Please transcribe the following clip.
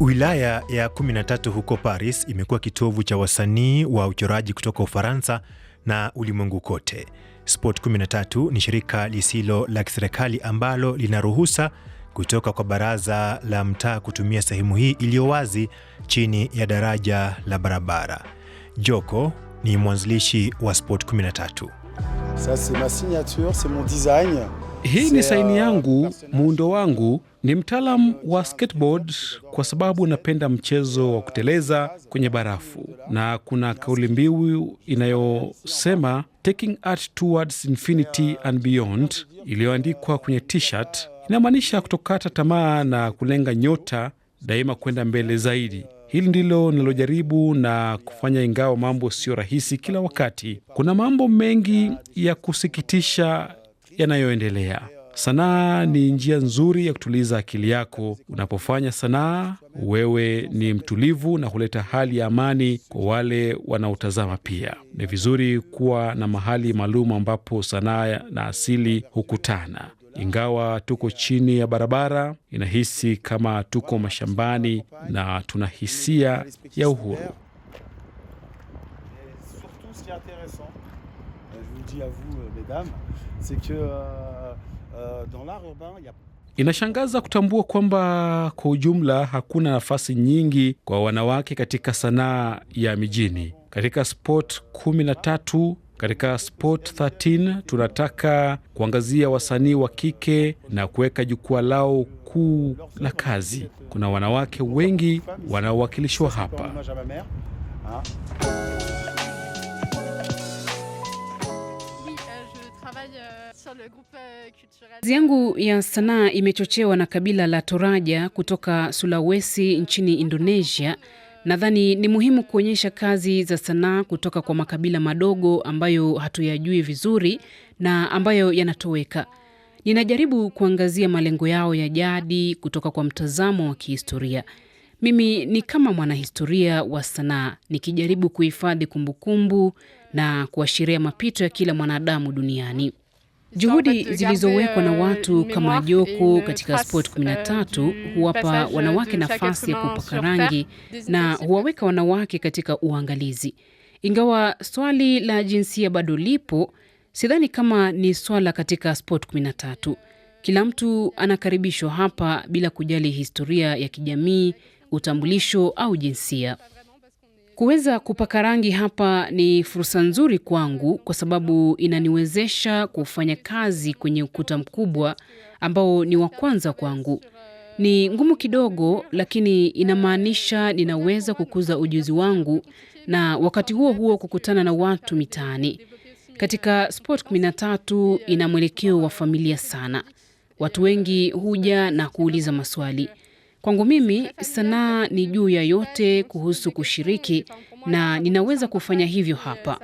Wilaya ya 13 huko Paris imekuwa kitovu cha wasanii wa uchoraji kutoka Ufaransa na ulimwengu kote. Spot 13 ni shirika lisilo la kiserikali ambalo linaruhusa kutoka kwa baraza la mtaa kutumia sehemu hii iliyo wazi chini ya daraja la barabara. Joko ni mwanzilishi wa Sport 13. Ça c'est ma signature, c'est mon design. Hii ni saini yangu, muundo wangu. Ni mtaalamu wa skateboard kwa sababu napenda mchezo wa kuteleza kwenye barafu, na kuna kauli mbiu inayosema taking art towards infinity and beyond iliyoandikwa kwenye t-shirt. Inamaanisha kutokata tamaa na kulenga nyota daima kwenda mbele zaidi. Hili ndilo ninalojaribu na kufanya, ingawa mambo sio rahisi kila wakati. Kuna mambo mengi ya kusikitisha yanayoendelea. Sanaa ni njia nzuri ya kutuliza akili yako. Unapofanya sanaa, wewe ni mtulivu na huleta hali ya amani kwa wale wanaotazama. Pia ni vizuri kuwa na mahali maalum ambapo sanaa na asili hukutana. Ingawa tuko chini ya barabara, inahisi kama tuko mashambani na tuna hisia ya uhuru. Euh, je vous le dis à vous, euh, mesdames, c'est que euh, dans l'art urbain, il y a Inashangaza kutambua kwamba kwa ujumla hakuna nafasi nyingi kwa wanawake katika sanaa ya mijini. Katika spot 13 katika spot 13 tunataka kuangazia wasanii wa kike na kuweka jukwaa lao kuu la kazi. Kuna wanawake wengi wanaowakilishwa hapa. Kazi euh, euh, yangu ya sanaa imechochewa na kabila la Toraja kutoka Sulawesi nchini Indonesia. Nadhani ni muhimu kuonyesha kazi za sanaa kutoka kwa makabila madogo ambayo hatuyajui vizuri na ambayo yanatoweka. Ninajaribu kuangazia malengo yao ya jadi kutoka kwa mtazamo wa kihistoria. Mimi ni kama mwanahistoria wa sanaa nikijaribu kuhifadhi kumbukumbu na kuashiria mapito ya kila mwanadamu duniani. Juhudi zilizowekwa na watu kama Joko katika Sport 13 huwapa wanawake nafasi ya kupaka rangi na huwaweka wanawake katika uangalizi. Ingawa swali la jinsia bado lipo, sidhani kama ni swala katika Sport 13. Kila mtu anakaribishwa hapa bila kujali historia ya kijamii utambulisho au jinsia. Kuweza kupaka rangi hapa ni fursa nzuri kwangu kwa sababu inaniwezesha kufanya kazi kwenye ukuta mkubwa ambao ni wa kwanza kwangu. Ni ngumu kidogo, lakini inamaanisha ninaweza kukuza ujuzi wangu na wakati huo huo kukutana na watu mitaani. Katika Sport 13 ina mwelekeo wa familia sana. Watu wengi huja na kuuliza maswali. Kwangu mimi sanaa ni juu ya yote kuhusu kushiriki, na ninaweza kufanya hivyo hapa.